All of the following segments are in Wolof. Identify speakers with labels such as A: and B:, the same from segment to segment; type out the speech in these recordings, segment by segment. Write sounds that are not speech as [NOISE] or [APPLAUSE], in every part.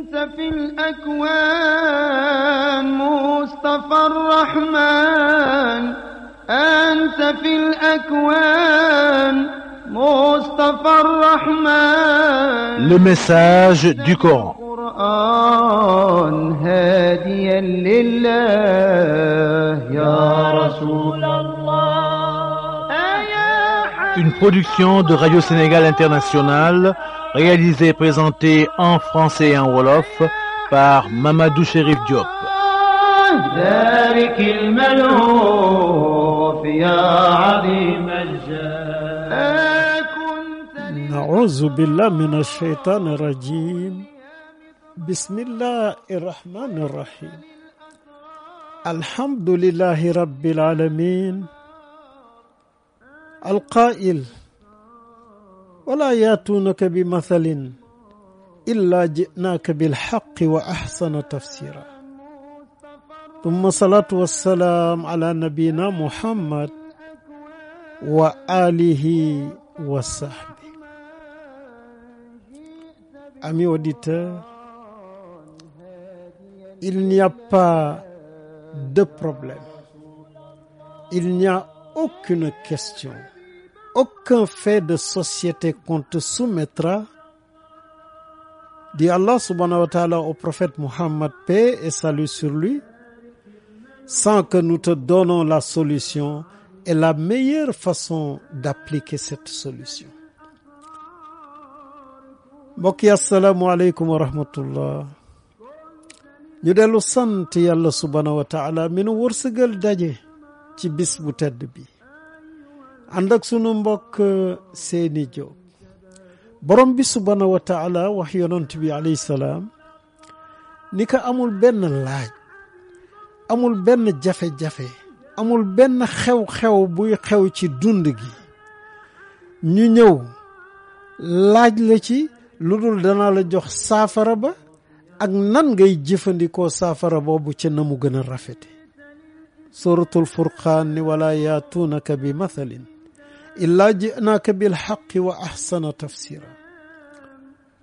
A: في الأكوان مصطفى الرحمن أنت في الأكوان مصطفى الرحمن Le message du Coran هاديا لله يا رسول الله une production de Radio Sénégal International, réalisée et présentée en français et en wolof par Mamadou Chérif Diop. أعوذ بالله من الشيطان الرجيم بسم الله الرحمن الرحيم الحمد لله رب العالمين alqaa'il walaa yaatuunaka bi mathalin illaa ji'naaka bilxaqi wa axsana tafsiira tumma salaatu wassalaam ala nabiina muhammad wa alihi wa sahbi amis auditeurs il n'y a pas de problème il n'y a aucune question aucun fait de société qu'on te soumettra, dit Allah subhanahu wa au prophète Muhammad, paix et salut sur lui, sans que nous te donnons la solution et la meilleure façon d'appliquer cette solution. mbokk yi asalaamualeykum wa rahmatullah ñu dellu sant yàlla subhanahu wa ta'ala mi nu wërsëgal daje ci bis bu tedd bi ànd ak sunu mbokk seeni Jóob borom bi subhaanahu wa taala wax yonant bi alayhi salaam ni ko amul benn laaj amul benn jafe-jafe amul benn xew-xew buy xew ci dund gi ñu ñëw laaj la ci lu dul danaa la jox saafara ba ak nan ngay jëfandikoo saafara boobu ca na mu gën a rafete suratul furqaan ni wala yaatuunaka bi mathalin illaa ji'naaka bil haqqi wa ahsana tafsira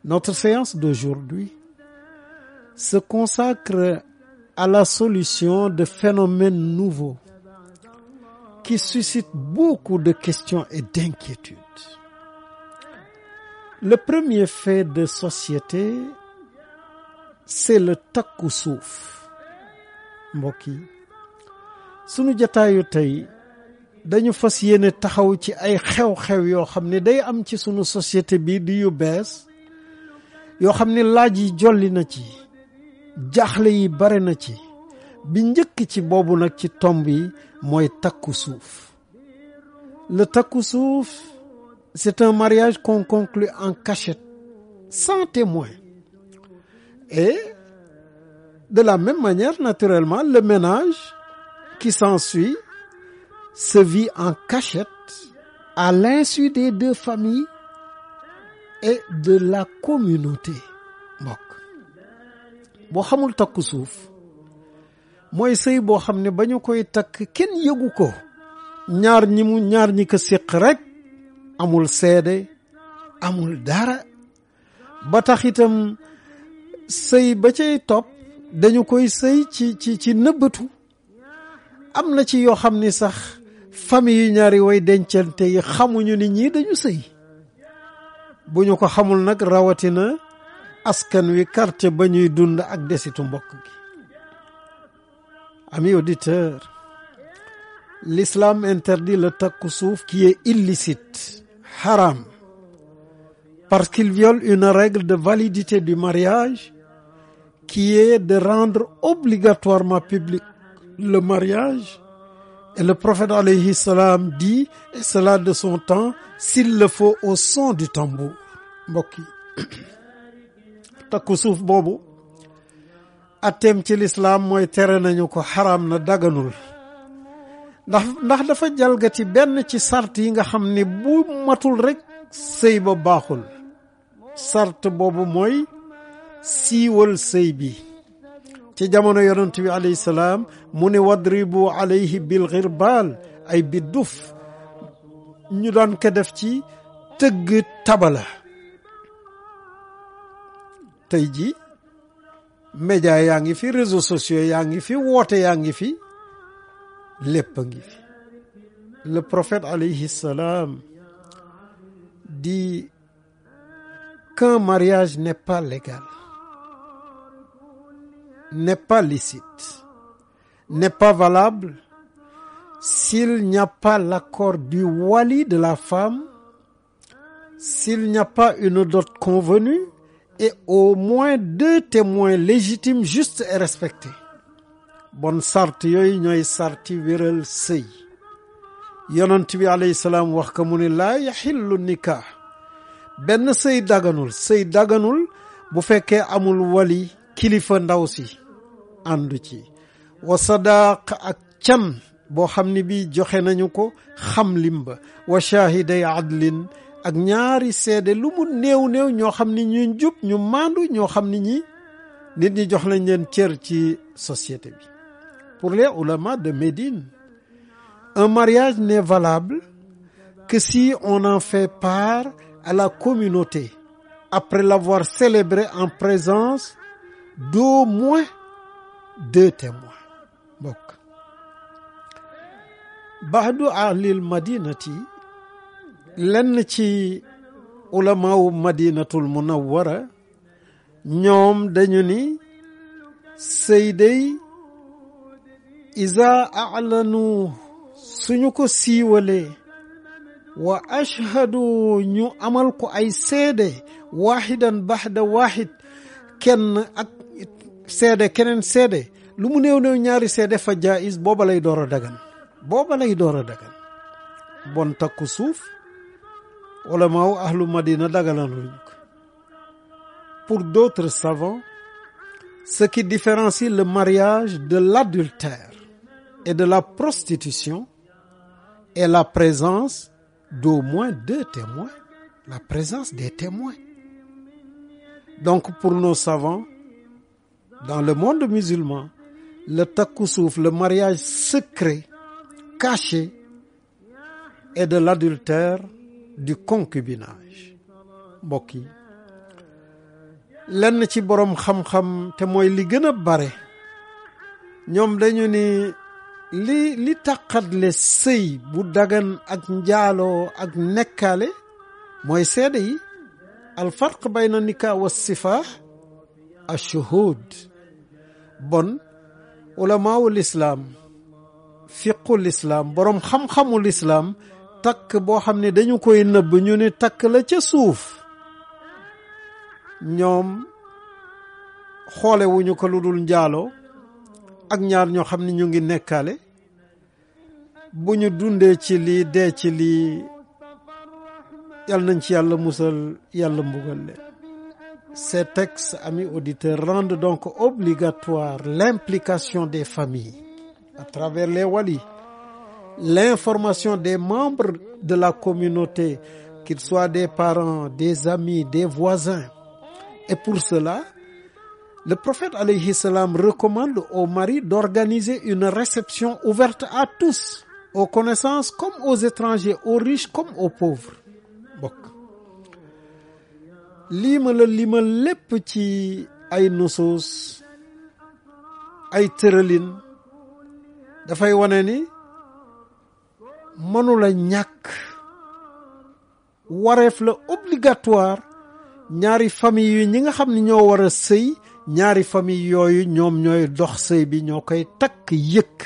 A: notre séance d'aujourd'hui se consacre à la solution de phénomènes nouveaux qui suscitent beaucoup de questions et d'inquiétudes le premier fait de société c'est le takku suuf mbokk yi sunu dañu fas yéene taxaw ci ay xew-xew yoo xam ne day am ci sunu société bi di yu bees yoo xam ne laaj yi jolli na ci jaaxle yi bare na ci bi njëkk ci boobu nag ci tomb yi mooy takku suuf le takku suuf c'est un mariage qu'on conclut en cachette sans témoin et de la même manière naturellement le ménage qui s'ensuit se vit en cachette à l'insu des deux familles et de la communauté mbokk boo xamul takk suuf mooy sëy boo xam ne ba ñu koy takk kenn yëgu ko ñaar ñi mu ñaar ñi ko séq rek amul seede amul dara ba tax itam sëy ba cay topp dañu koy sëy ci ci ci nëbbatu am na ci yoo xam ni sax fami yu ñaari way dencante yi xamuñu ni ñii dañu sëy bu ñu ko xamul nag rawatina askan wi quartier ba ñuy dund ak desitu mbokk gi amis auditeurs l'islam interdit le takku suuf ki est illicite haram parce qu'il viole une règle de validité du mariage qui est de rendre obligatoirement public le mariage Et le prophète alayhi salam dit et cela de son temps s'il le faut au son [CLEARS THROAT] takku suuf boobu atteem ci lislaam mooy tere nañu ko xaraam na daganul ndax ndax dafa jalgati benn ci sart yi nga xam ni bu matul rekk sëy ba baaxul sart boobu mooy siiwal sëy bi ci jamono yonent bi alayhi salaam mu ne wadribu alayhi bil xirbaal ay bidduf ñu daan ko def ci tëgg tabala tey ji média yaa ngi fi réseaux sociaux yaa ngi fi woote yaa ngi fi lépp a ngi fi le prophète alayhi salaam dit mariage n'est pas légal n'est pas licite, n'est pas valable s'il n'y a pas l'accord du wali de la femme, s'il n'y a pas une dot convenue et au moins deux témoins légitimes justes et respectés. bon sart yooyu ñooy sarti wéral sëy yonent bi alayhi salaam wax ka mu ni laa yaxillu nikah benn sëy daganul sëy daganul bu fekkee amul wali kilifa ndaw si àndu ci wa sadaq ak can boo xam ni bii joxe nañu ko xam lim ba wa yi adlin ak ñaari seede lu mu néew néew ñoo xam ni ñu jub ñu maandu ñoo xam ni ñi nit ñi jox lañ leen cër ci société bi pour les oulémas de Médine un mariage n'est valable que si on en fait part à la communauté après l'avoir célébré en présence d'au moins deux témoins mbokk baxdu ahlil madinati lenn ci ulamaawu madinatul munawwara ñoom dañu ni sëyday iza alanu suñu ko siiwalee wa ashhadu ñu amal ko ay seede waaxidan baxda waaxid kenn ak seede keneen seede lu mu néew néew ñaari seede fa jaayis booba lay door a dagan booba lay door a dagan bon takku suuf wala maaw ahlu madina daganaluñ ko pour d'autres savants ce qui différencie le mariage de l'adultère et de la prostitution est la présence d'au moins deux témoins la présence des témoins donc pour nos savants dans le monde musulman le takku suuf la mariage secret caché et de l'adultère du concubinage mbokk yi lenn ci boroom xam-xam te mooy li gën a bare ñoom dañu ni li li taqatle sëy bu dagan ak njaaloo ak nekkaale mooy seede yi alfarq bayna nikaa wa sifaax ashuhud bon ulamaawu lislaam fiqu lislaam boroom xam-xamu lislaam takk boo xam ne dañu koy nëbb ñu ni takk la ca suuf ñoom xoolewuñu ko lu dul njaaloo ak ñaar ñoo xam ne ñu ngi nekkaale bu ñu dundee ci lii dee ci lii yal nañ ci yàlla musal yàlla mbugal leen Ces textes, amis auditeurs, rendent donc obligatoire l'implication des familles à travers les walis, l'information des membres de la communauté, qu'ils soient des parents, des amis, des voisins. Et pour cela, le prophète alayhi salam recommande aux maris d'organiser une réception ouverte à tous, aux connaissances comme aux étrangers, aux riches comme aux pauvres. lii ma la limal lépp ci ay nusuus ay tëralin dafay wane ni mënula ñàkk wareef la obligatoire ñaari famille yi ñi nga xam ne ñoo war a sëy ñaari famille yooyu ñoom ñooy dox sëy bi ñoo koy takk yëkk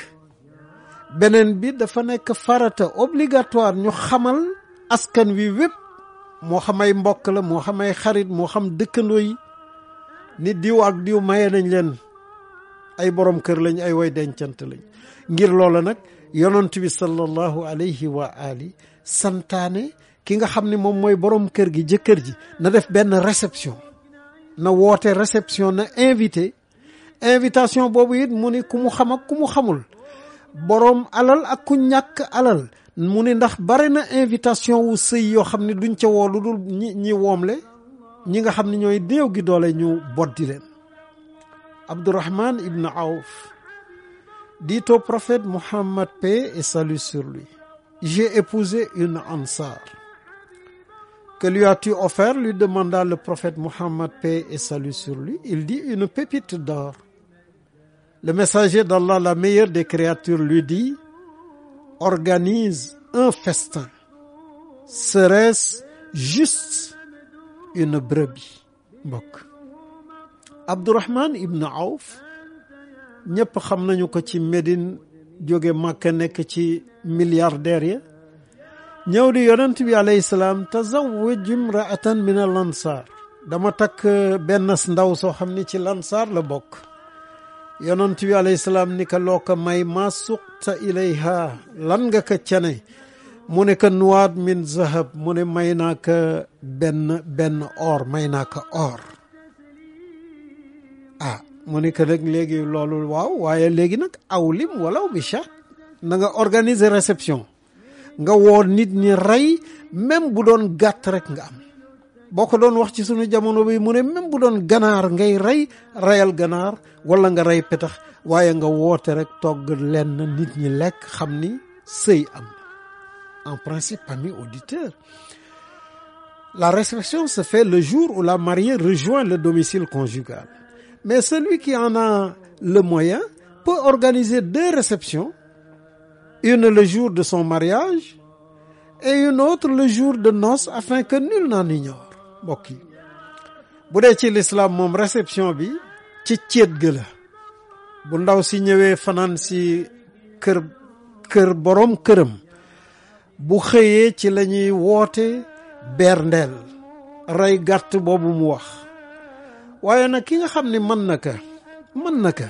A: beneen bi dafa nekk farata obligatoire ñu xamal askan wi wépp moo xam ay mbokk la moo xam ay xarit moo xam dëkkandoo yi ni diw ak diw maye nañ leen ay borom kër lañ ay woy dencant lañ ngir loola nag yonent bi sallallahu alayhi wa ali santaane ki nga xam ni moom mooy borom kër gi jëkkër ji na def benn réception na woote réception na invité invitation boobu it mu ni ku mu xam ak ku mu xamul borom alal ak ku ñàkk alal mu ne ndax bare na invitation wu sëy yoo xam ne duñ ce woo lu dul ñi ñi woomle ñi nga xam ne ñooy néew gi doole ñu boddi leen Abdourahman ibn Awf dit au prophète Mohammed paix et salut sur lui j'ai épousé une ansar que lui as-tu offert lui demanda le prophète Mohammed paix et salut sur lui il dit une pépite d'or le messager d'Allah la meilleure des créatures lui dit organise un festin, serait-ce juste une brebis mbokk Abdourahman ibn Awf ñëpp xam nañu ko ci Médine jóge Màkka nekk ci milliardaires ya ñëw di yonent bi alayhi salaam tazawwaj imraatan min al ansar dama takk benn ndaw soo xam ni ci lansaar la bokk yonent bi alayhi salaam ni ka loo ko may maa suqta ilayha lan nga ko cene mu ne ka nuwaat min zahab mu ne may naa ka benn benn or may naa ka or ah mu ne ka nag léegi loolu waaw waaye léegi nag awlim walaw bi chat na nga organiser réception nga woo nit ñi rey même bu doon gàtt rek nga am boo ko doon wax ci suñu jamono bi mu ne même bu doon ganaar ngay rey reyal ganaar wala nga rey petax waaye nga woote rek togg lenn nit ñi lekk xam ni sëy am na en principe ami auditeur la réception se fait le jour où la mariée rejoint le domicile conjugal mais celui qui en a le moyen peut organiser deux réceptions une le jour de son mariage et une autre le jour de noces afin que nul n'en ignore mbokk yi bu dee ci lislaam moom réception bi ci céet ga la bu ndaw si ñëwee fanaan si kër kër boroom këram bu xëyee ci la ñuy woote berndeel rey gàtt boobu mu wax waaye nag ki nga xam ni mën na ka mën na ko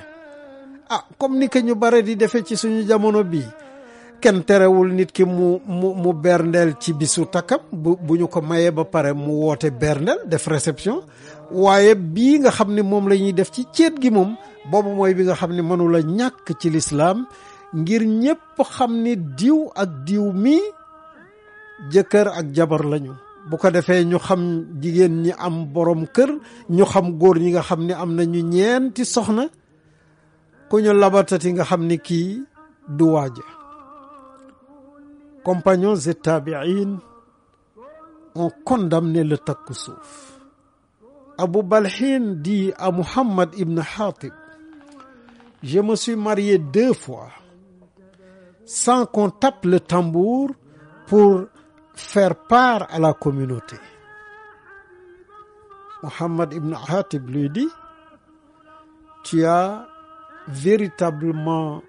A: ah comme ni ko ñu bare di defe ci suñu jamono bii kenn terewul nit ki mu mu mu berndeel ci bisu takkam bu bu ñu ko mayee ba pare mu woote berndeel def réception waaye bii nga xam ni moom lañuy def ci ceet gi moom boobu mooy bi nga xam ni mënula ñàkk ci lislaam ngir ñépp xam ni diw ak diw mi jëkkër ak jabar lañu bu ko defee ñu xam jigéen ñi am boroom kër ñu xam góor ñi nga xam ni am nañu ñeenti soxna ku ñu labatati nga xam ni kii du waaja compagnons et tabi'in ont condamné le takusuf. Abu Balhin dit à Muhammad ibn Hatib, je me suis marié deux fois sans qu'on le tambour pour faire part à la communauté. Muhammad ibn Hatib lui dit, tu as véritablement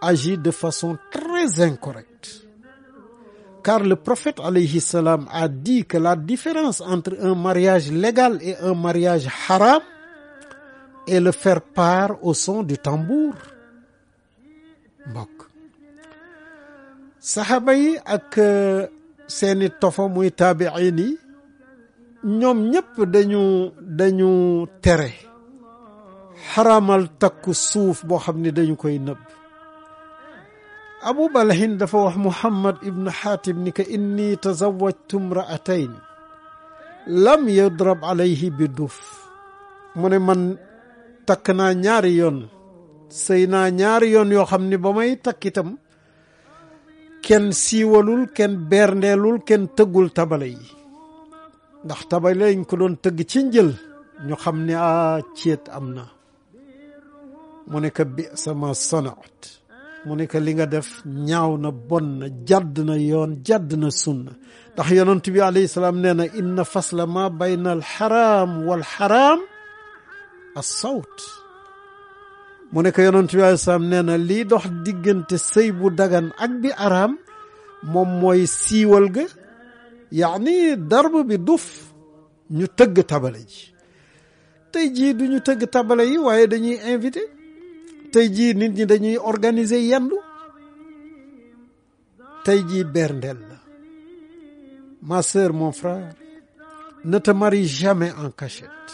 A: agi de façon très incorrecte. car le prophète alayhi salam a dit que la différence entre un mariage légal et un mariage haram est le fair part au son du tambour mbokk saxaaba yi ak euh, seeni tofo muy taabiin yi ñoom ñëpp dañu dañu tere xaramal takku suuf boo xam ne dañu koy nëbb abu balhin dafa wax muhammad ibn xaatim ni ko inni tazawajtu mraatayn lam yudrab alayhi bi duuf mu ne man takk naa ñaari yoon sëy naa ñaari yoon yoo xam ni ba may takk itam kenn siiwalul kenn berndeelul kenn tëggul tabale yi ndax tabale yi ko doon tëgg ci njël ñu xam ni a ah, céet am na mu ne ka bi sama sanaat mu ne que li nga def ñaaw na bon na jàdd na yoon jàdd na sunna ndax yonent bi alayhi salaam nee na inna fasla ma bayna al xaraam wal xaraam as sawt mu ne que bi alayhi salaam nee na lii dox diggante sëy bu dagan ak bi araam moom mooy siiwal ga yaani darb bi duf ñu tëgg tabale ji tey jii du tëgg tabale yi waaye dañuy invité tey jii nit ñi dañuy organiser yendu tey jii berndel la ma sœur mon frère ne te marie jamais en cachette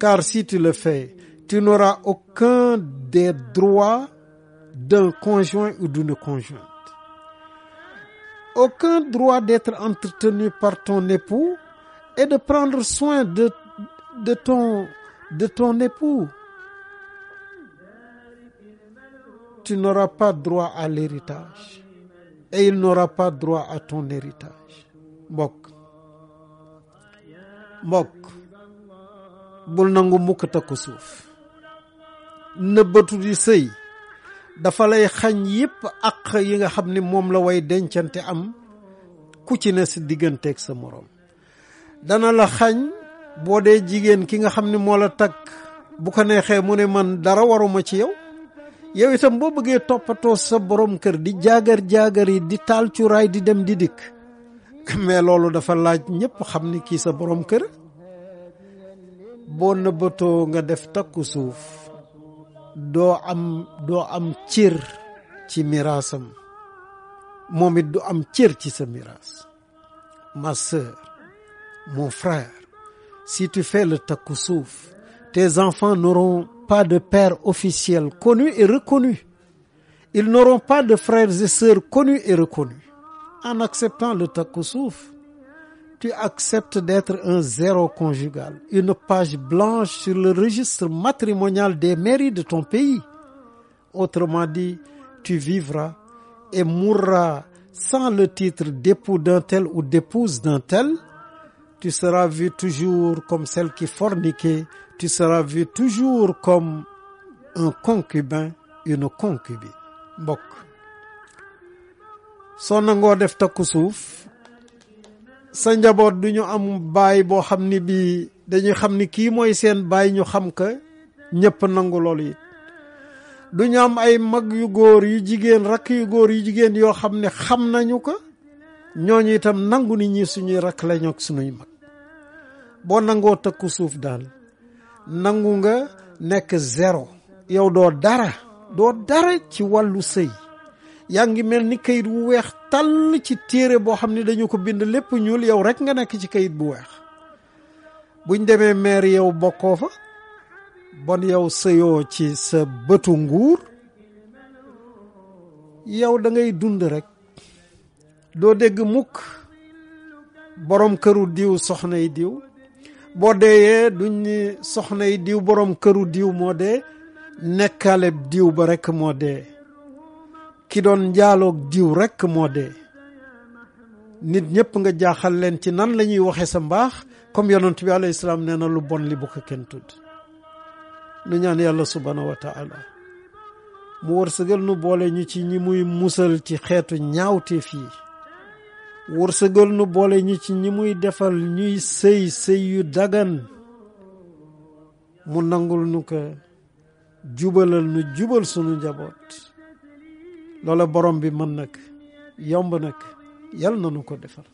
A: car si tu le fais tu n'auras aucun des droits d'un conjoint ou d'une conjointe aucun droit d'être entretenu par ton époux et de prendre soin de de ton de ton époux tu n'auras droit à l'héritage et il droit à mbokk mbokk bul nangu mukk ko suuf nëbbatu di sëy dafa lay xañ yépp àq yi nga xam ni moom la way dencante am ku ci ne si digganteeg sa moroom dana la xañ boo dee jigéen ki nga xam ni moo la takk bu ko neexee mu ne man dara waruma ci yow yow itam boo bëggee toppatoo sa borom kër di jaagar jaagar yi di taal cuuraay di dem di dikk mais loolu dafa laaj ñëpp xam ni kii sa borom kër boo nëbbatoo nga def takku suuf doo am doo am cër ci miraasam moom it du am cër ci sa miraas ma sœur mon frère si tu fais takku suuf tes enfants n'auront pas de père officiel connu et reconnu. Ils n'auront pas de frères et sœurs connus et reconnus. En acceptant le takkusuf, tu acceptes d'être un zéro conjugal, une page blanche sur le registre matrimonial des mairies de ton pays. Autrement dit, tu vivras et mourras sans le titre d'époux d'un tel ou d'épouse d'un tel. Tu seras vu toujours comme celle qui forniquait tu seras vu toujours comme un concubin une concubine mbokk soo nangoo def takku suuf sa njaboot du ñu am baay boo xam ni bii dañuy xam ni kii mooy seen baay ñu xam ka ñépp nangu loolu it du ñu am ay mag yu góor yu jigéen rakk yu góor yu jigéen yoo xam ne xam nañu ko ñooñu itam nangu ni ñi suñuy rakk lañu ak sunuy mag boo nangoo takku suuf daal nangu nga nekk zéro yow doo dara doo dara ci wàllu sëy yaa ngi mel ni kayit wu weex tàll ci téere boo xam ne dañu ko bind lépp ñuul yow rekk nga nekk ci kayit bu weex buñ demee maire yow bokkoo fa bon yow sëyoo ci sa bëtu nguur yow dangay dund rekk doo dégg mukk boroom këru diw soxnay diw boo deeyee duñ ni soxna yi diw boroom këru diw moo dee nekkaaleb diw ba rekk moo dee ki doon njaaloog diw rekk moo dee nit ñëpp nga jaaxal leen ci nan la ñuy waxee sa mbaax comme yonent bi alayhi salaam nee na lu bon li bu ko kenn tudd nu ñaan yàlla subhaanahu wa taala mu wërsëgal nu boole ñu ci ñi muy musal ci xeetu ñaawteef yi wërsëgal nu boole ñi ci ñi muy defal ñuy sëy sëy yu dagan mu nangul nu ko jubalal nu jubal sunu njaboot loola borom bi mën nag yomb nag yal na ko defal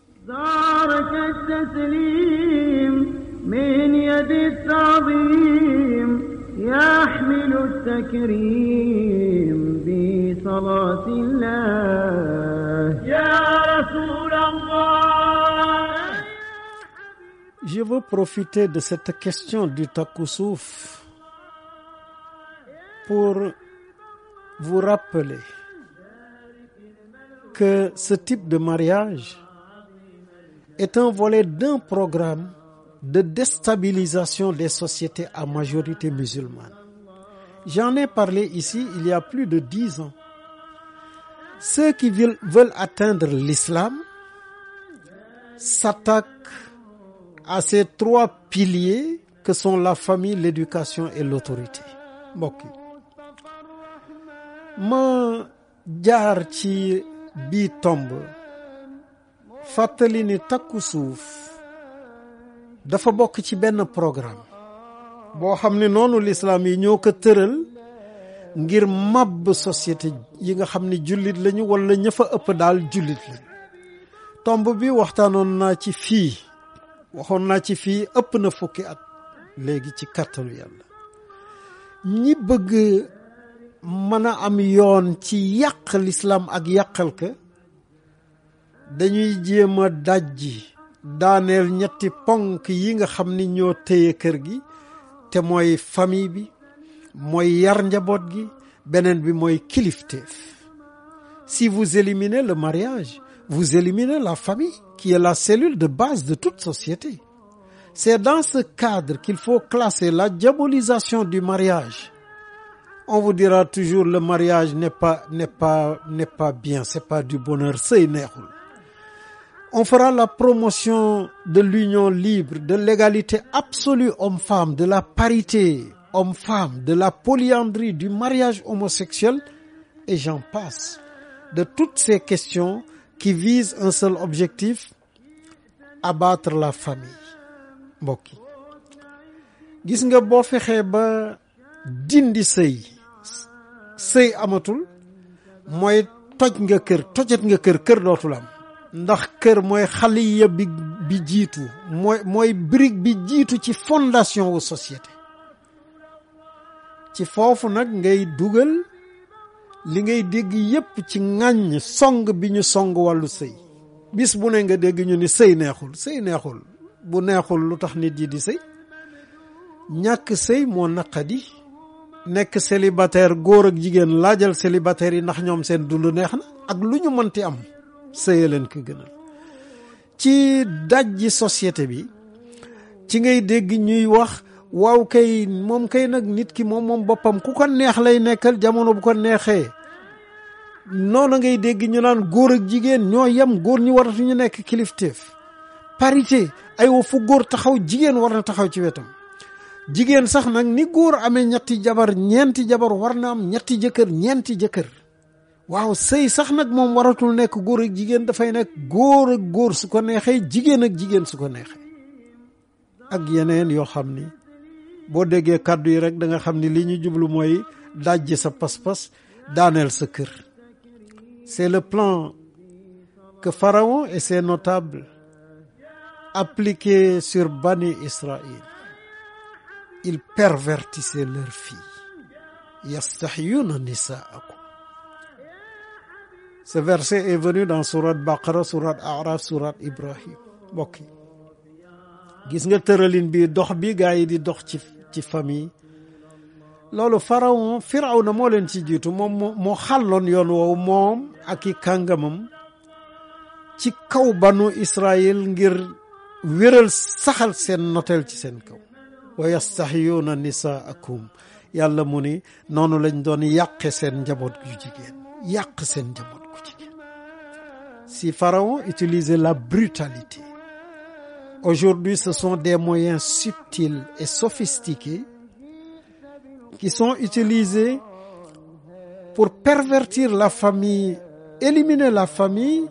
A: يحمل التكريم بصلاة الله يا رسول Je veux profiter de cette question du Takusuf pour vous rappeler que ce type de mariage est un volet d'un programme de déstabilisation des sociétés à majorité musulmane. J'en ai parlé ici il y a plus de dix ans. Ceux qui veulent atteindre l'islam s'attaque à ces trois piliers que sont la famille l'éducation et l'autorité mbokk yi ma jaar ci bii tomb fàttali ni takku suuf dafa bokk ci benn programme boo xam ne noonu lislaam yi ñoo ko tëral ngir màbb société yi nga xam ne jullit lañu wala ña ëpp daal jullit lañu tomb bi waxtaanoon naa ci fii waxoon naa ci fii ëpp na fukki at léegi ci kàttanu yàlla ñi bëgg mën a am yoon ci yàq lislaam ak yàqal ka dañuy jéema a daaneel ñetti ponk yi nga xam ni ñoo téye kër gi te mooy famille bi mooy yar njaboot gi beneen bi mooy kilifteef si vous éliminez le mariage vous éliminez la famille qui est la cellule de base de toute société. C'est dans ce cadre qu'il faut classer la diabolisation du mariage. On vous dira toujours le mariage n'est pas n'est pas n'est pas bien, c'est pas du bonheur, sëy neexul. On fera la promotion de l'union libre, de l'égalité absolue homme-femme, de la parité homme de la polyandrie, du mariage homosexuel et j'en passe. De toutes ces questions qui vise un seul objectif abattre la famille mbokk gis nga boo fexee ba dindi sëy sëy amatul mooy toj nga kër tojat nga kër kër dootul am ndax kër mooy xaliya bi bi jiitu mooy mooy brique bi jiitu ci fondation wu société ci foofu nag ngay dugal li ngay dégg yépp ci ŋàññ song bi ñu song wàllu sëy bis bu ne nga dégg ñu ni sëy neexul sëy neexul bu neexul lu tax nit yi di sëy ñàkk sëy moo naqadi nekk célibataire góor ak jigéen laajal célibataire yi ndax ñoom seen dund neex na ak lu ñu mënti am sëya leen ko gënal ci dàjji société bi ci ngay dégg ñuy wax waaw kay moom kay nag nit ki moom moom boppam ku ko neex lay nekkal jamono bu ko neexee noonu ngay dégg ñu naan góor ak jigéen ñoo yem góor ñi waratuñu nekk kilifteef parité ay wa fu góor taxaw jigéen war na taxaw ci wetam jigéen sax nag ni góor amee ñetti jabar ñeenti jabar war na am ñetti jëkkër ñeenti jëkkër waaw sëy sax nag moom waratul nekk góor ak jigéen dafay nekk góor ak góor su ko neexee jigéen ak jigéen su ko neexee ak yeneen yoo xam ni boo déggee kàddu yi rek da nga xam ni li ñu jublu mooy dajji sa pas-pas daaneel sa kër c'est le plan que Pharaon et ses notables sur Bani Israël ils pervertissaient leurs filles yastahyuna nisaakum ce verset est venu dans sourate Baqara sourate Araf sourate Ibrahim gis nga tëralin bi dox bi gaa yi di dox ci ci famille loolu pharaon na moo leen ci jiitu moom moo xàlloon yoon woowu moom ak i kàngamam ci kaw banu israil ngir wéral saxal seen noteel ci seen kaw wa yastaxiyuuna nisaakum yàlla mu ni noonu lañ doon yàqe seen njaboot gu jigéen yàq seen njaboot gu jigéen si pharaon utiliser la brutalité Aujourd'hui, ce sont des moyens subtils et sophistiqués qui sont utilisés pour pervertir la famille, éliminer la famille,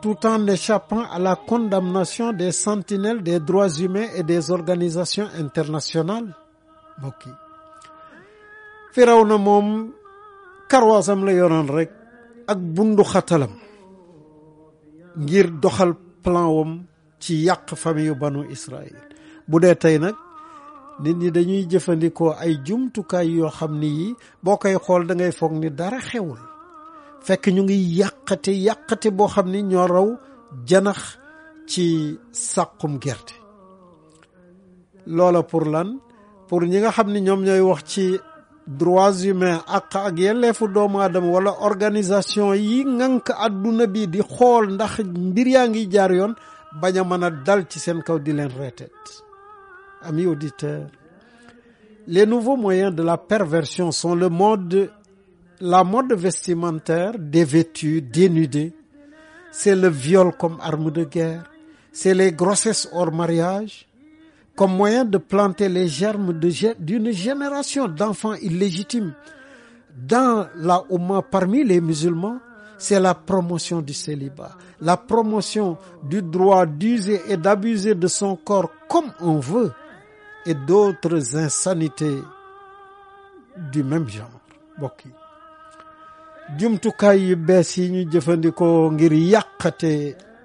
A: tout en échappant à la condamnation des sentinelles des droits humains et des organisations internationales mbokk yi Firawna moom karwaasam ak bundu xatalam ngir plan wam ci yàq famille yu banu Israël bu dee tey nag nit ñi dañuy jëfandikoo ay jumtukaay yoo xam ni yi boo koy xool da ngay foog ni dara xewul fekk ñu ngi yàqate yàqate boo xam ni ñoo raw janax ci sàqum gerte loola pour lan pour ñi nga xam ni ñoom ñooy wax ci droits humains ak ak yelleefu doomu aadama wala organisation yi ngànk àdduna bi di xool ndax mbir yaa ngiy jaar yoon bañ a mën a dal ci seen kaw di leen reeteet amis auditeurs les nouveaux moyens de la perversion sont le mode la mode vestimentaire dévêtue dénudée c'est le viol comme arme de guerre c'est les grossesses hors mariage comme moyen de planter les germes de d'une génération d'enfants illégitimes dans la Oumma parmi les musulmans c'est la promotion du célibat la promotion du droit d'user et d'abuser de son corps comme on veut et d'autres insanités du même genre mbokk yi jumtukaay yu bees yi ñu jëfandikoo ngir yàqate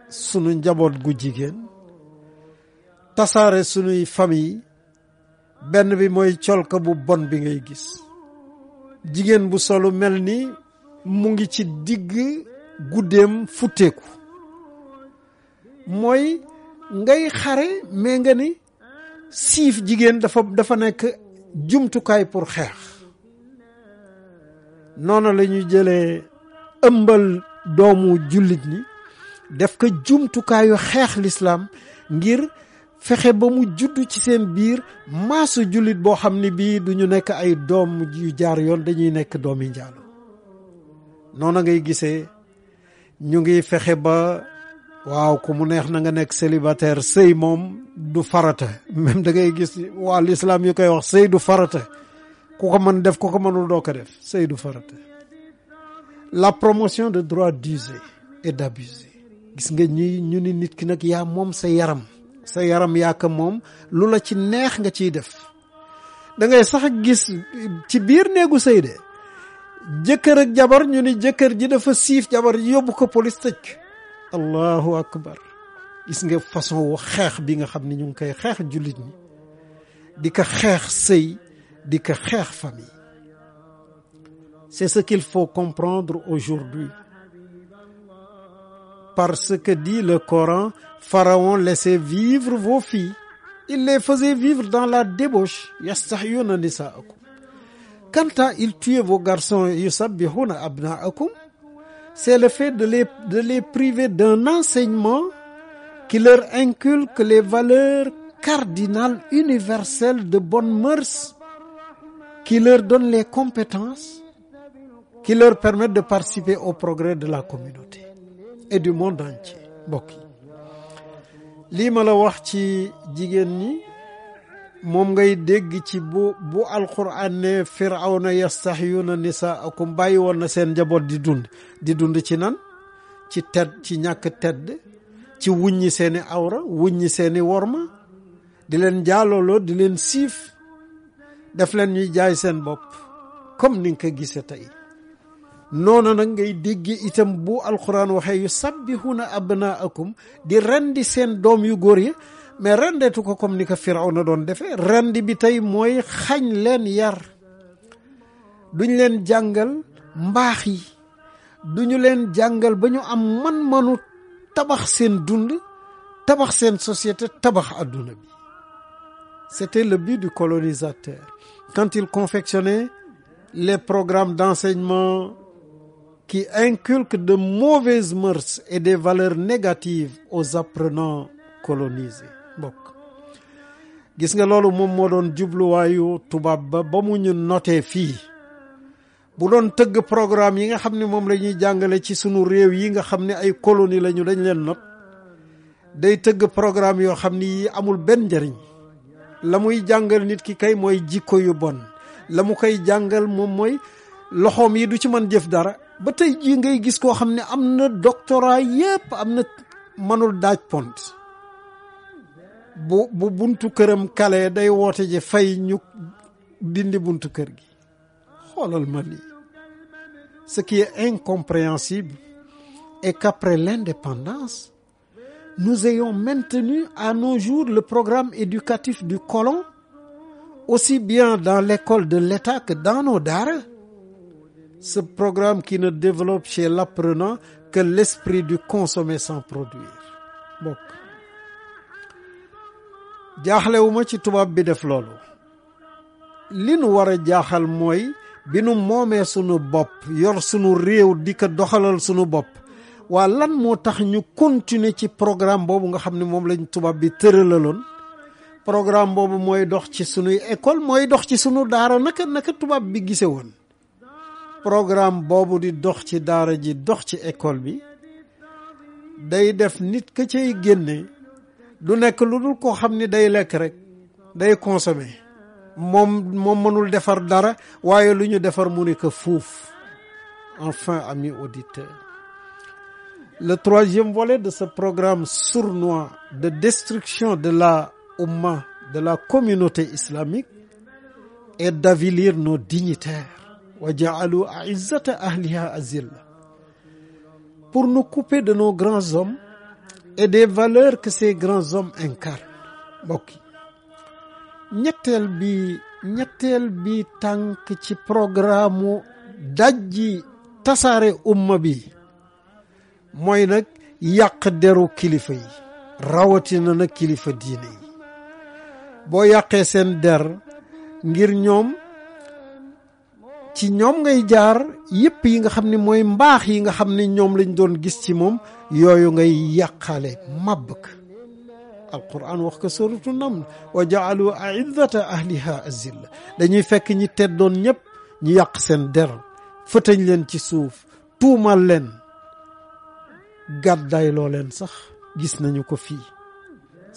A: sunu njaboot gu jigéen tasaare sunuy famille benn bi mooy colka bu bon bi ngay gis jigéen bu solu mel ni mu ngi ci digg guddeem futteeku mooy ngay xare mais nga ni siif jigéen dafa dafa nekk jumtukaay pour xeex noonu la ñuy jëlee ëmbal doomu jullit ñi def ko jumtukaayu xeex lislaam ngir fexe ba mu judd ci seen biir maasu jullit boo xam ne bii duñu nekk ay doom yu jaar yoon dañuy nekk doomi njaalu noonu ngay gisee ñu ngi fexe ba waaw ku mu neex na nga nekk célibataire sëy moom du farata même da ngay gis waa lislaam yu koy wax sëy du farata ku ko mën def ku ko mënul doo ko def sëy du farata la promotion de droit d'user et gis nga ñi ñu ni nit ki nag yaa moom sa yaram sa yaram yaa moom lu la ci neex nga ciy def da ngay sax gis ci biir néegu sëy de jëkkër ak jabar ñu ni jëkkër ji dafa siif jabar ji yóbbu ko police tëj allahu akbar gis nga façon wu xeex bi nga xam ne ñu ngi koy xeex jullit ñi di ko xeex sëy di ko xeex famille c'est ce qu'il faut comprendre aujourd'hui par ce que dit le Coran Pharaon laissait vivre vos filles il les faisait vivre dans la débauche yastahyuna nisaakum quant à il tuait vos garçons yusabbihuna abnaakum c'est le fait de les, de les priver d'un enseignement qui leur inculque les valeurs cardinales universelles de bonnes mœurs, qui leur donne les compétences, qui leur permettent de participer au progrès de la communauté et du monde entier mbokk la wax ci jigéen ñi moom ngay dégg ci bu bu alquran ne firawna yastaxyuuna nisaakum bàyyi woon na seen njaboot di dund di dund ci nan ci tedd ci ñàkk tedd ci wuññi seeni awra wuññi seeni worma di leen jaalooloo di leen siif def leen ñuy jaay seen bopp comme ni nga ko gisee tey noonu nag ngay dégg itam bu alquran waxee yu sabbihuna abnaakum di rendi seen doom yu góor yi mais rendeetu ko comme ni ko Firawna doon defee rendi bi tey mooy xañ leen yar duñ leen jàngal mbaax yi duñu leen jàngal ba ñu am man-manu tabax seen dund tabax seen société tabax àdduna bi c'était le but du colonisateur quand il confectionnait les programmes d'enseignement qui inculquent de mauvaises mœurs et des valeurs négatives aux apprenants colonisés bokk gis nga loolu moom moo doon jubluwaayu tubaab ba ba mu ñu notee fii bu doon tëgg programme yi nga xam ne moom la ñuy jàngale ci sunu réew yi nga xam ne ay koloni lañu dañ leen not day tëgg programme yoo xam ni yi amul benn njëriñ la muy jàngal nit ki kay mooy jikko yu bon la mu koy jàngal moom mooy loxoom yi du ci mën jëf dara ba tey jii ngay gis koo xam ne am na doctorat yépp am na mënul daaj pont bu bu buntu këram kale day woote je fay ñu dindi buntu kër gi xoolal ma lii ce qui est incompréhensible est qu'après l'indépendance nous ayons maintenu à nos jours le programme éducatif du colon aussi bien dans l'école de l'État que dans nos daara ce programme qui ne développe chez l'apprenant que l'esprit du consommer sans produire jaaxlewuma ci tubaab bi def loolu li nu war a jaaxal mooy bi nu moomee sunu bopp yor sunu réew di ko doxalal sunu bopp waa lan moo tax ñu continuer ci programme boobu nga xam ne moom lañ tubaab bi tëralaloon programme boobu mooy dox ci sunuy école mooy dox ci sunu daara naka naka tubaab bi gise woon programme boobu di dox ci daara ji dox ci école bi day def nit ka cay génne du nekk lu dul koo xam ni day lekk rek day consommer moom moom mënul defar dara waaye lu ñu defar mu ne que fuuf enfin ami auditeur le troisième volet de ce programme sournois de destriction de la umma de la communauté islamique est d'avilir nos dignitaires wa ja'alu a'izzata ahliha azilla pour nu couper de no grands hommes et des valeurs que ces grands hommes mbokk ñetteel bi ñetteel bi tànk ci programme u dajji tasaare umma bi mooy nag yàq deru kilifa yi rawatina nag kilifa diine yi boo yàqee seen der ngir ñoom ci ñoom ngay jaar yépp yi nga xam ni mooy mbaax yi nga xam ne ñoom lañ doon gis ci moom yooyu ngay yàqale màbbk alquran wax ko suratu naml wa jaalu aizzata ahliha la dañuy fekk ñi teddoon ñépp ñu yàq seen der fëtañ leen ci suuf tuumal leen gàddaay loo leen sax gis nañu ko fii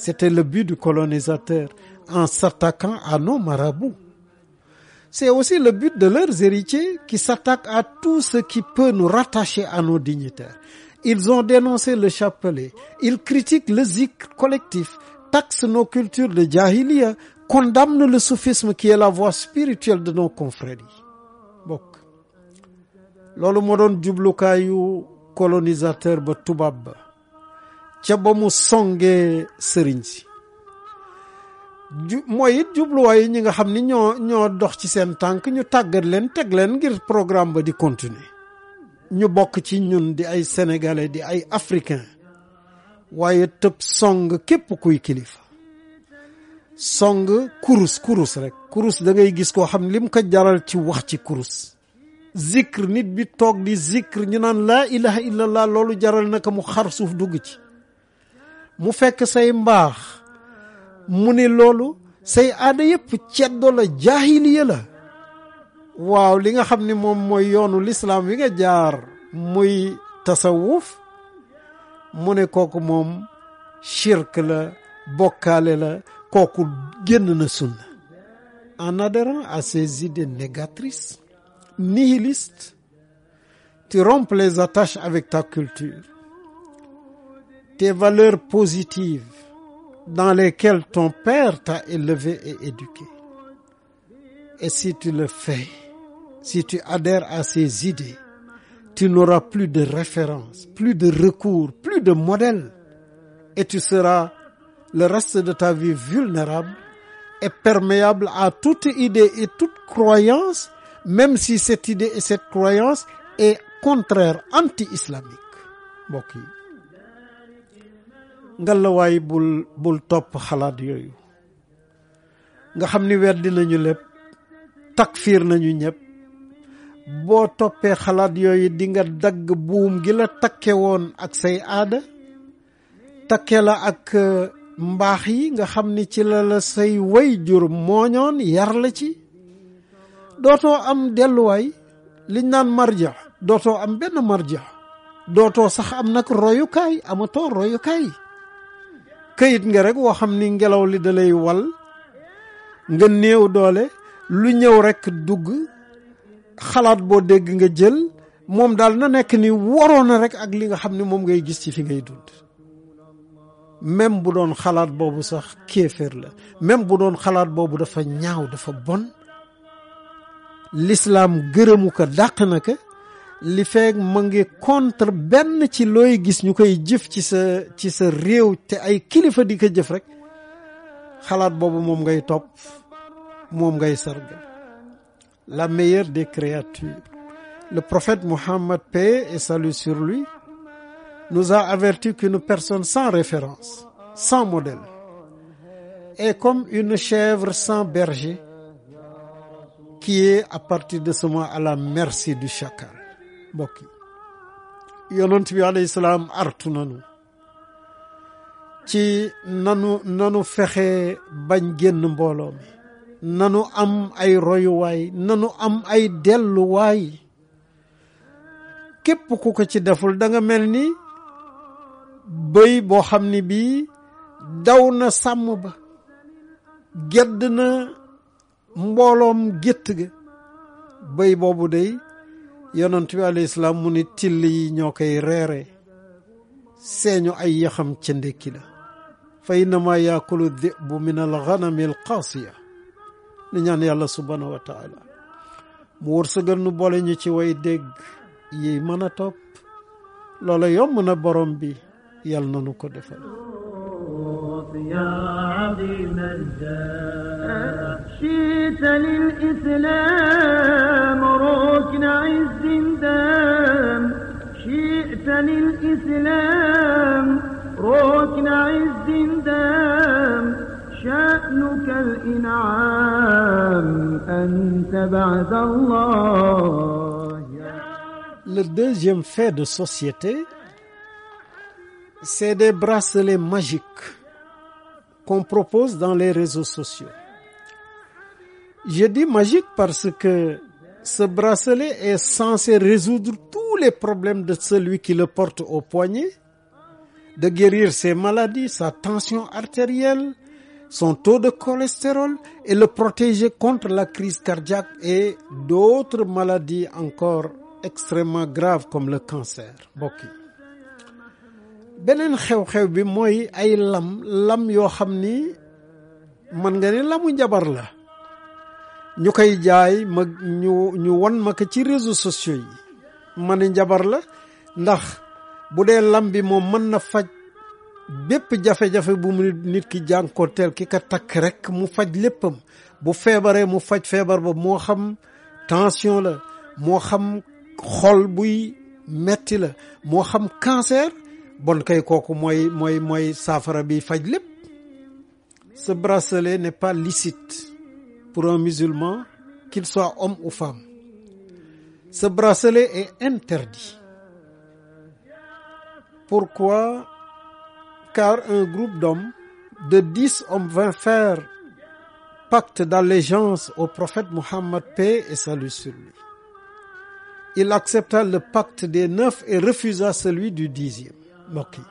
A: c'était le but du colonisateur en satakan à marabu c'est aussi le but de leurs héritiers qui s'attaquent à tout ce qui peut nous rattacher à nos dignitaires. Ils ont dénoncé le chapelet, ils critiquent le zikr collectif, taxent nos cultures de jahiliya, condamnent le soufisme qui est la voie spirituelle de nos confrères yi bokk loolu moo doon jublukaayu colonisateur ba tubaab ba ca ba mu songee sëriñ si ju mooy it jubluwaay ñi nga xam ni ñoo ñoo dox ci seen tànk ñu tàggat leen teg leen ngir programme ba di continuer ñu bokk ci ñun di ay sénégalais di ay africain waaye tëb song képp kuy kilifa song kurus kurus rek kurus da ngay gis koo xam ne lim ko jaral ci wax ci kurus zikr nit bi toog di zikr ñu naan laa ilaha illallah loolu jaral naka mu xar suuf dugg ci mu fekk say mbaax mu ne loolu say aada yëpp ceddo la jaahiliya la waaw li nga xam ni moom mooy yoonu lislaam wi nga jaar muy tasawuf mu ne kooku moom shirk la bokkaale la kooku génn na sunna en adhérant à ces idées négatrices nihilistes tu rompes les attaches avec ta culture tes valeurs positives dans lesquelles ton père t'a élevé et éduqué. Et si tu le fais, si tu adhères à ses idées, tu n'auras plus de référence, plus de recours, plus de modèle, et tu seras le reste de ta vie vulnérable et perméable à toute idée et toute croyance, même si cette idée et cette croyance est contraire anti-islamique ngalawaay bul bul topp xalaat yooyu nga xam ni weddi nañu lépp fiir nañu ñëpp boo toppee xalaat yooyu dinga dagg buum gi la takke woon ak say aada takke la ak euh, mbaax yi nga xam ni ci la la say way jur mooñoon yar la ci dootoo am delluwaay liñ naan marja dootoo am benn marja dootoo sax am nag royukaay amatoo royukaay këyit nga rek woo xam ni ngelaw li dalay wal nga néew doole lu ñëw rek dugg xalaat boo dégg nga jël moom daal na nekk ni waroon na rek ak li nga xam ni moom ngay gis ci fi ngay dund même bu doon xalaat boobu sax kéeféer la même bu doon xalaat boobu dafa ñaaw dafa bon lislaam gërëmu ko dàq na ko li feeg ma ngi contre benn ci looy gis ñu koy jëf ci sa ci sa réew te ay kilifa di ko jëf rek xalaat boobu moom ngay topp moom ngay sargal la meilleure des créatures le prophète Mohammed paix et salut sur lui nous a averti qu'une personne sans référence sans modèle est comme une chèvre sans berger qui à partir de ce moment à la merci du chacal mbokk yi yonent bi alayhi salaam artu nanu ci nanu nanu fexe bañ génn mbooloo mi nanu am ay royuwaay nanu am ay delluwaay képp ku ko ci deful danga mel ni bëy boo xam ni bii daw na sàmm ba gedd na mbooloom gétt ga bëy boobu day yonent bi mu ni till yi ñoo koy reere seeñu ay yaxam ca ndékki la fa innama yaakulu dibu min alganami alqaasiya ni ñaan yàlla subhaanahu wa taala mu wërsëgal nu boole ñu ci way dégg yi mën a topp loola yomb na borom bi yàlla na nu ko defal الختام شئت للإسلام ركن عز دام شأنك الإنعام أنت بعد الله Le deuxième fait de société, c'est des bracelets magiques qu'on propose dans les réseaux sociaux. Je dis magique parce que Ce bracelet est censé résoudre tous les problèmes de celui qui le porte au poignet, de guérir ses maladies, sa tension artérielle, son taux de cholestérol et le protéger contre la crise cardiaque et d'autres maladies encore extrêmement graves comme le cancer mbokk yi beneen xew-xew bi mooy ay lam lam yoo xam ni mën nga ne lamu njabar la ñu koy jaay mag ñu ñu won ma ko ci réseau sociaux yi ma ni njabar la ndax bu dee lam bi moom mën na faj bépp jafe-jafe bu mu nit ki jànkoonteel ki ka takk rekk mu faj léppam bu feebaree mu faj feebar ba moo xam tension la moo xam xol buy metti la moo xam cancer bon kay kooku mooy mooy mooy saafara bi faj lépp ce bracelet n'est pas licite pour un musulman, qu'il soit homme ou femme. Ce bracelet est interdit. Pourquoi? Car un groupe d'hommes, de dix hommes vint faire pacte d'allégeance au prophète Mohammed, paix et salut sur lui. Il accepta le pacte des neuf et refusa celui du dixième. mbokk yi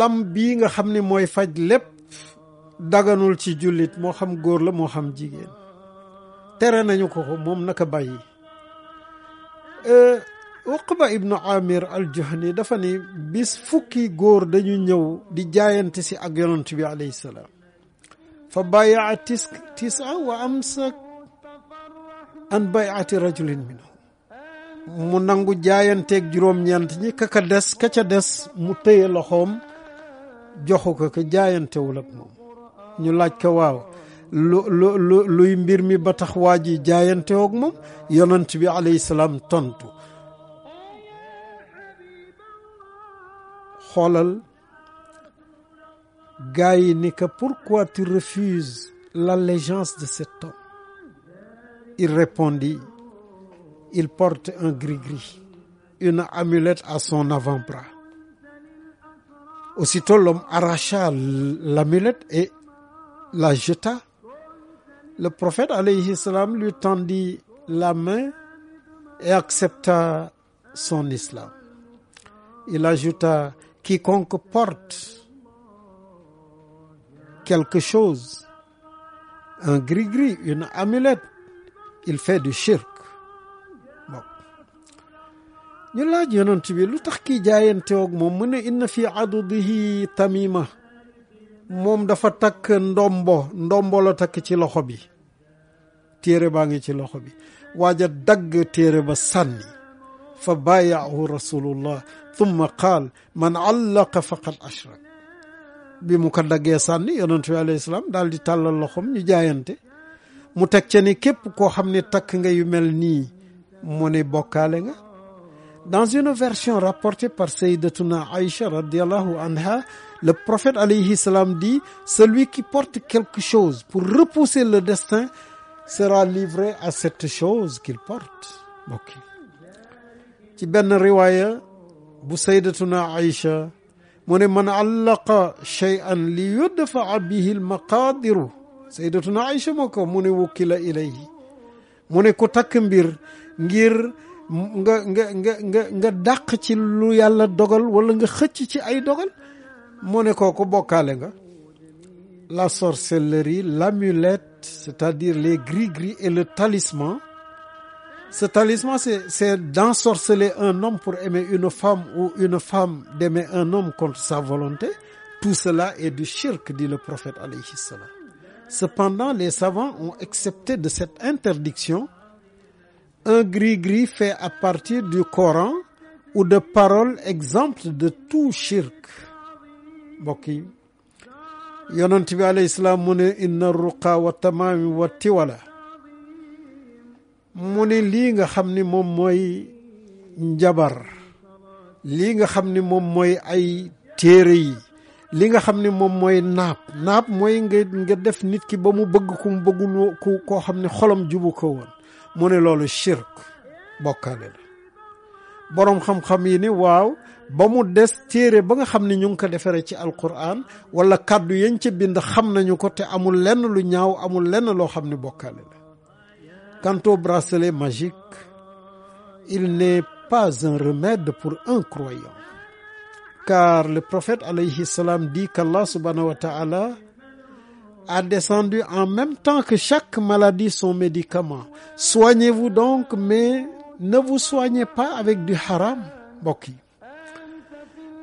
A: lam nga xam ne mooy faj daganul ci jullit moo xam góor la moo xam jigéen tere nañu ko ko moom naka bàyyi euh, Uqba ibnu Amir al dafa ni bis fukki góor dañu ñëw di jaayante si ak yonent bi alayhi salaam fa bayaa tis tisa wa amsak an bayati rajulin minhu mu nangu jaayanteeg juróom-ñeent ñi ka ka des ka ca des mu tëye loxoom joxu ko ka jaayantewul moom ñu laaj ko waaw lu lu luy mbir mi ba tax waa ji jaayante woog moom yonent bi alayhi salaam tontu xoolal gars yi ni que pourquoi tu refuses l'allégeance de cet homme il répondit il porte un gris-gris une amulette à son avant-bras aussitôt l'homme arracha l'amulette la jeta. Le prophète alayhi salam lui tendit la main et accepta son islam. Il ajouta, quiconque porte quelque chose, un gris-gris, une amulette, il fait du shirk. Bon. ñu laaj yonent lu tax kii jaayante woog moom mu fi adudihi tamima moom dafa takk ndombo ndombo la takk ci loxo bi téere baa ngi ci loxo bi waaja dagg téere ba sànni fa baayahu rasulullah thumma qaal man allaqa faqad ashrak bi mu ko daggee sànni yonent bi salaam daal di tàllal loxoom ñu jaayante mu teg ca ni képp koo xam ne takk nga yu mel nii mu ne bokkaale nga Dans une version rapportée par Sayyidatuna Aïcha radiallahu anha, le prophète alayhi dit, celui qui porte quelque chose pour repousser le destin sera livré à cette chose qu'il porte. Ok. ci benn riwaaya bu Sayyidatuna Aïcha mu man allaqa shay'an li yudfa'a bihi al-maqadiru Sayyidatuna Aïcha moo ko mu ne wukkila ilayhi ngir nga nga nga nga nga dàq ci lu yàlla dogal wala nga xëcc ci ay dogal moo ne kooku bokkaale nga la sorcellerie l'amulette c'est-à-dire les gris-gris et le talisman ce talisman c'est c'est d'ensorceler un homme pour aimer une femme ou une femme d'aimer un homme contre sa volonté tout cela est du shirk dit le prophète alayhi salam cependant les savants ont accepté de cette interdiction un gris-gris fait à partir du Coran ou de exemple exemptes de tout shirk mbokk yi yonent bi alayhi salaam mu ne inna ruqa wa tamaami wa tiwala mu ne lii nga xam ni moom mooy njabar lii nga xam ni moom mooy ay téere yi li nga xam ne moom mooy naap naap mooy nga nga def nit ki ba mu bëgg ku mu bëggul ko koo xam ne xolom jubu ko woon mu ne loolu shirk bokkaale la boroom xam-xam yi ni waaw ba mu des téere ba nga xam ne ñu ngi ko defaree ci alquran wala kàddu yañ ci bind xam nañu ko te amul lenn lu ñaaw amul lenn loo xam ni bokkaale la quant au bracelet magique il n'est pas un remède pour un croyant car le prophète alayhi salam dit qu'Allah subhanahu wa a descendu en même temps que chaque maladie son médicament soignez-vous donc mais ne vous soignez pas avec du haram mbokk yi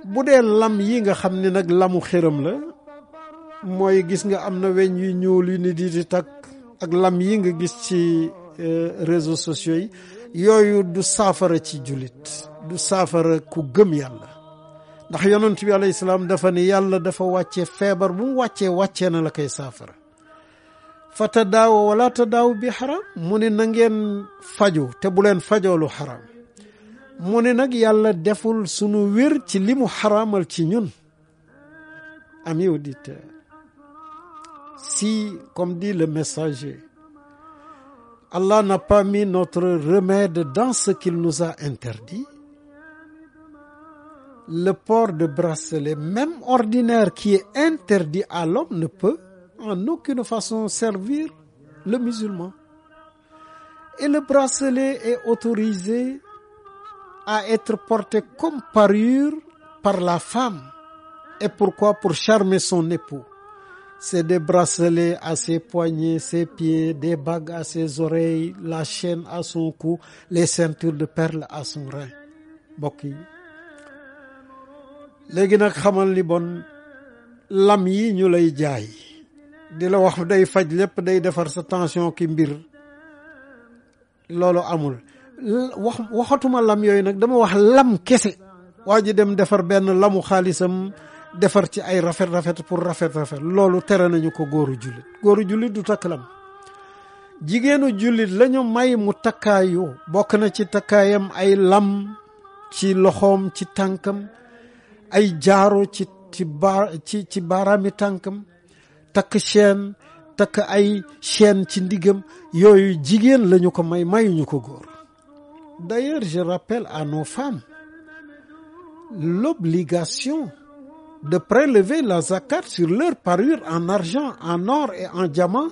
A: bu dee lam yi nga xam ne nag lamu xëram la mooy gis nga am na weñ yi ñuul yu ni di di takk ak lam yi nga gis ci euh, réseaux sociaux yi yooyu du saafara ci julit du saafara ku gëm yàlla ndax yonent bi alayhi salaam dafa ne yàlla dafa wàccee feebar bu mu wàccee wàccee na la koy saafara fa tadaawa wala tadaaw bi xaram mu ne na ngeen faju te bu leen fajoo lu mu ne nag yàlla deful suñu wér ci li mu xaraamal ci ñun amis auditeurs si comme dit le messager Allah n'a mi mis notre remède dans ce qu'il nous interdit le port de bracelet, même ordinaire, qui est interdit à l'homme, ne peut en aucune façon servir le musulman. Et le bracelet est autorisé à être porté comme parure par la femme. Et pourquoi? Pour charmer son époux. C'est des bracelets à ses poignets, ses pieds, des bagues à ses oreilles, la chaîne à son cou, les ceintures de perles à son rein. Mbokk yi léegi nag xamal ni bon lam yi ñu lay jaay di la wax day faj lépp day defar sa tension ki mbir loolu amul wax waxatuma lam yooyu nag dama wax lam kese waa ji dem defar benn lamu xaalisam defar ci ay rafet rafet pour rafet rafet loolu tere nañu ko góoru jullit góoru jullit du takk lam jigéenu jullit lañu may mu takkaayu bokk na ci takkaayam ay lam ci loxoom ci tànkam ay jaaro ci ci ba ci ci baaraami tànkam takk chaîne ay chaîne ci ndigam yooyu jigéen lañu ko may mayuñu ko góor d'ailleurs je rappelle à nos femmes l'obligation de prélever la zakat sur leur parure en argent en or et en diamant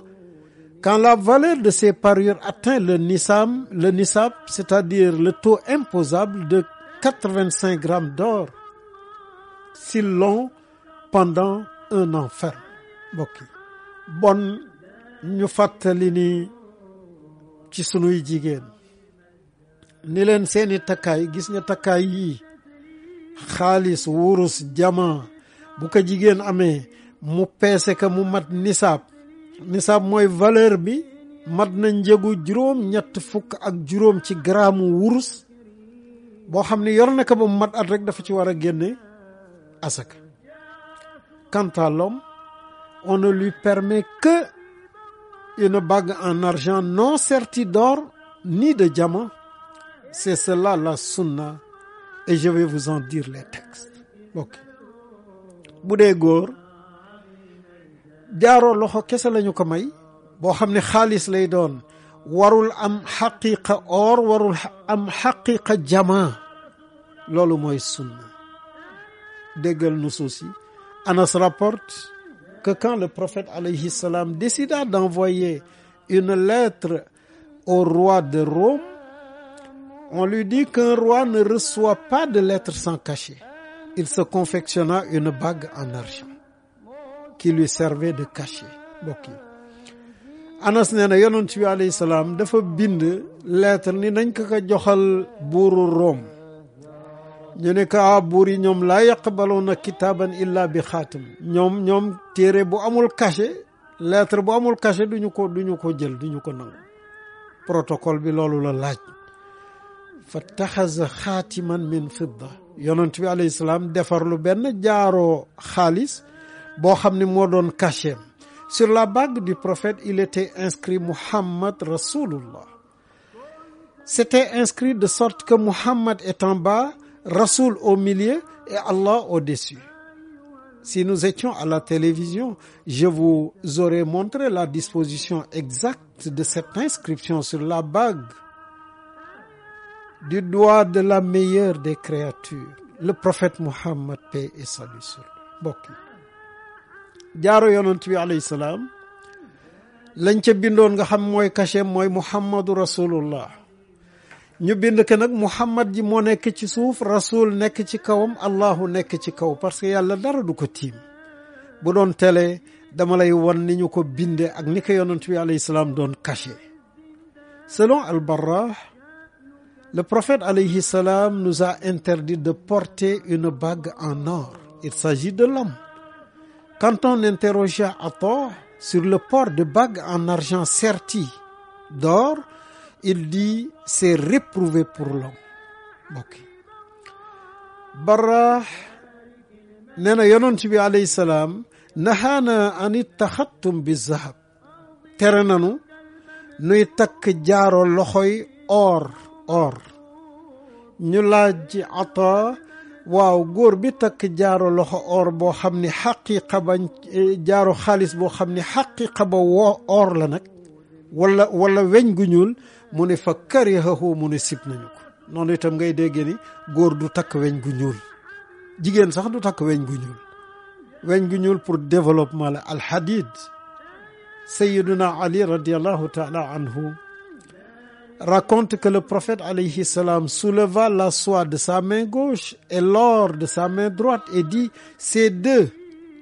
A: quand la valeur de ces parures atteint le nisam le nisab c'est-à-dire le taux imposable de quatre-vingt-cinq grammes d'or si long pendant un an mbokk bon ñu fàttali ni ci sunuy jigéen ni leen seeni takkaay gis nga takkaay yii xaalis wurus jama bu ko jigéen amee mu peese ka mu mat nisaab nisaab mooy valeur bi mat na njëgu juróom ñett fukk ak juróom ci garaamu wurus boo xam ne yor na ba mu mat at rek dafa ci war a génne asaka quant à l'homme on ne lui permet que une bague en argent non sertie d'or ni de diamant c'est cela la sunna et je vais vous en dire les textes bu dee góor jaaroo loxo kese lañu ko may boo xam ne xaalis lay doon warul am xaqiqa or warul am xaqiqa jamaa loolu mooy sunna déggal nu souci Anas rapporte que quand le prophète alayhi décida d'envoyer une lettre au roi de Rome on lui dit qu'un roi ne reçoit pas de lettre sans cachet il se confectionna une bague en argent qui lui servait de cachet Anas nee na yonent bi alayhi salaam dafa bind lettre ni nañ ko ko joxal buuru Rome ñu ne ko a ah, buur yi ñoom laa yaqbaloona kitaaban illa bi xaatim ñoom ñoom téere bu amul cachet lettre bu amul cachet duñu ko duñu ko jël duñu ko nangu protocole bi loolu la laaj fa taxasa xaatiman min fidda yonent bi alayhi salaam defar lu benn jaaroo xaalis boo xam ne moo doon cachet sur la bague du prophète il était inscrit Muhammad Rasulullah c'était inscrit de sorte que Muhammad est en bas Rasoul au milieu et Allah au-dessus. Si nous étions à la télévision, je vous aurais montré la disposition exacte de cette inscription sur la bague du doigt de la meilleure des créatures, le prophète Muhammad paix et salut sur lui mbokk yi jaaro yonent bi alayhi salaam lañ ca bindoon nga xam mooy cachet mooy Muhammadu Rasulullah ñu bind ko nag muhammad ji moo nekk ci suuf rasul nekk ci kawam allahu nekk ci kaw parce que yàlla dara du ko tiim bu doon tele dama lay wan ni ñu ko bindee ak ni ko yonent bi alayhi salaam doon caché selon al le prophète alayhi salaam nous a interdit de porter une bàgg en or il s'agit de l'homme quand on interrogea Atta sur le port de bàgg en argent serties d'or il dit c'est réprouvé pour l'homme mbokk yi bara nee na yonent bi alayhi salaam nahaana an ittaxattum bi zahab tere nanu nuy takk jaaro loxoy or or ñu laaj ata waaw góor bi takk jaaro loxo or boo xam ni xaqiqa ba jaaro xaalis boo xam ni xaqiqa ba woo or la nag wala wala weñ gu ñuul mu ne fa karihahu mu ne sib nañu ko noonu itam ngay déggee góor du takk weñ gu ñuul jigéen sax du takk weñ gu ñuul weñ gu ñuul pour développement la alxadid sayyiduna ali radiallahu taala anhu raconte que le prophète alayhi salam souleva la soie de sa main gauche et l'or de sa main droite et dit ces deux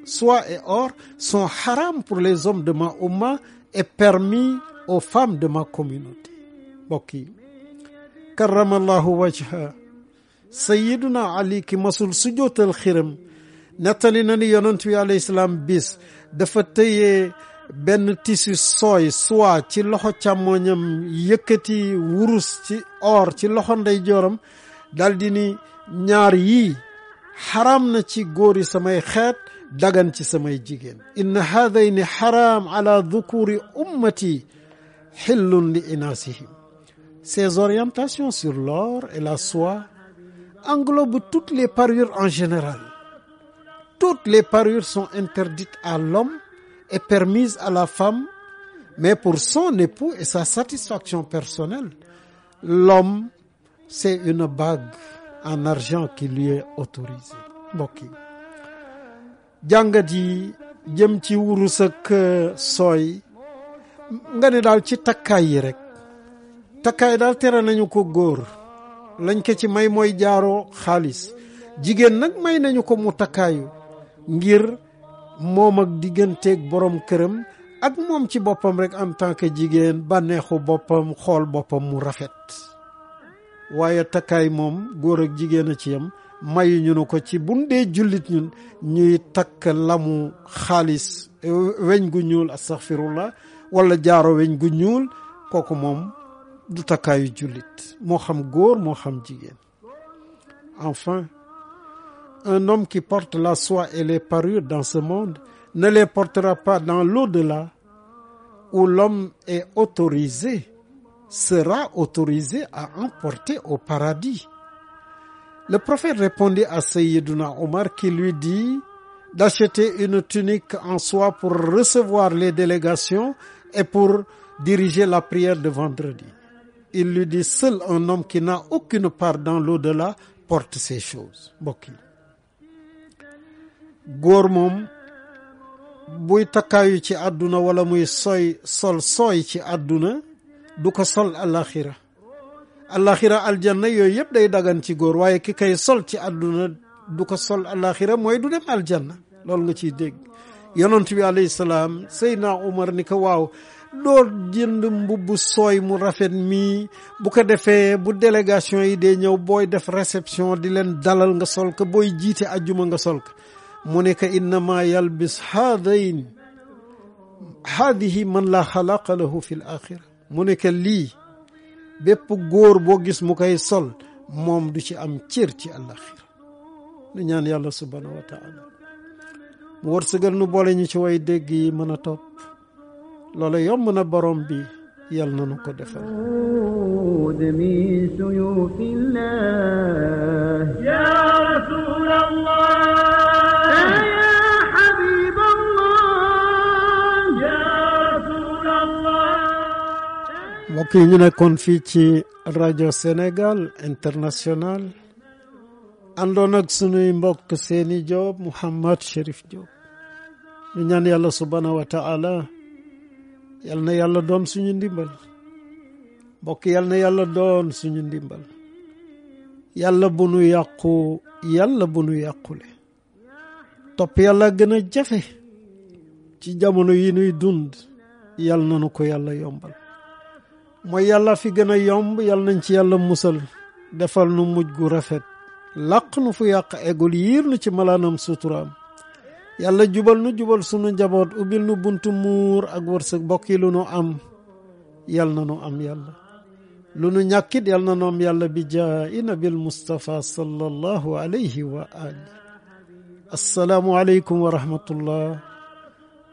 A: soie et or sont haram pour les hommes de ma umma et permis aux femmes de ma communauté mbokk yi karamallahu wajha sayiduna ali ki masul sujootal xiram nettali na ni yonent bi salaam bis dafa tëye benn tissu sooy soie ci loxo càmmooñam yëkkati wurus ci or ci loxo ndeyjooram daldi ni ñaar yi xaraam na ci góori samay xeet dagan ci samay jigéen inna haadayni xaraam ala dhukuri ummati xillun li inaasihim Ses orientations sur l'or et la soie englobent toutes les parures en général. Toutes les parures sont interdites à l'homme et permises à la femme, mais pour son époux et sa satisfaction personnelle, l'homme, c'est une bague en argent qui lui est autorisée. mbokk yi jàngat yi jëm ci wurus euh, nga ne daal ci takkaay yi rek takkaay daal tere nañu ko góor lañ ko ci may mooy jaaro xaalis jigéen nag may nañu ko mu takkaayu ngir moom ak digganteek borom këram ak moom ci boppam rek en tant que jigéen bànneexu boppam xool boppam mu rafet waaye takkaay moom góor ak jigéen a ci yam mayuñu nu ko ci buñ dee jullit ñun ñuy takk lamu xaalis weñ gu ñuul astaghfirullah wala jaaro weñ gu ñuul kooku moom du takkaayu moo xam góor moo xam jigéen enfin un homme qui porte la soie et les parures dans ce monde ne les portera pas dans l'au-delà où l'homme est autorisé sera autorisé à emporter au paradis le prophète répondit à Sayyiduna Omar qui lui dit d'acheter une tunique en soi pour recevoir les délégations et pour diriger la prière de vendredi il lui dit seul un homme qui n'a aucune part dans l'au-delà porte ces choses mbokk yi góor moom buy takkaayu ci àdduna wala muy sooy sol sooy ci àdduna du ko sol alaxira alaxira aljanna yooyu yëpp day daggan ci góor waaye ki koy sol ci àdduna du ko sol alaxira mooy du dem aljanna loolu nga ciy dégg yonent bi alayhi salaam Seydina Umar ni ko waaw doo jënd mbubb sooy mu rafet mii bu ko defee bu délégation yi dee ñëw booy def réception di leen dalal nga sol ko booy jiite ajjuma nga sol ko mu ne ka innama yalbis haadayn haadihi man la xalaqa lahu fi l mu nekk lii bépp góor boo gis mu koy sol moom du ci am cër ci àlaxira nu ñaan yàlla subhaanahu wa taala mu wërsëgal nu boole ñu ci way dégg yi mën a topp loola yomb na borom bi yal na nu ko defal mbokk yi ñu nekkoon fii ci rajo senegal international àndoon ak sunuy mbokk seeni Joob Mouhammad Chérif Joob ñu ñaan yàlla subhaanahu wa taala yal na yàlla doon suñu ndimbal mbokk yal na yàlla doon suñu ndimbal yàlla bu nu yàqu yàlla bu nu yàqule topp yàlla gën a jafe ci jamono yi nuy dund yal na nu ko yàlla yombal mooy yàlla fi gën a yomb yal nañ ci yàlla musal defal nu mujj gu rafet làq nu fu yàq eggul yiir nu ci malaanam suturaam yàlla jubal nu jubal sunu njaboot ubbil nu buntu muur ak wërsëg bokk yi lu nu am yal na nu am yàlla lu nu ñàkkit yal na nu am yàlla bi jaayi nabil Mustafa sallallahu alayhi wa ali assalaamu aleykum wa rahmatullah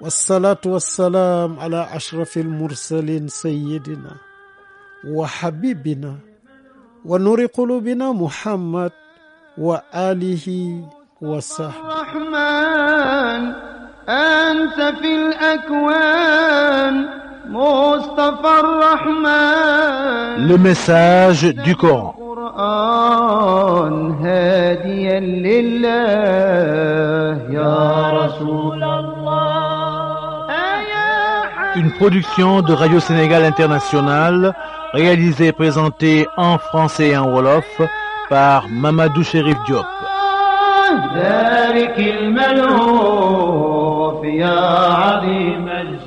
A: wassalaatu wassalaam ala almursalin sayidina wa habibina wa nuri qulubina muhammad wa alihi والصحب الرحمن أنت في الأكوان مصطفى الرحمن Le message du Coran القرآن هاديا لله يا Une production de Radio Sénégal International réalisée et présentée en français et en wolof par Mamadou Chérif Diop. ذلك الملهوف يا عظيم الجود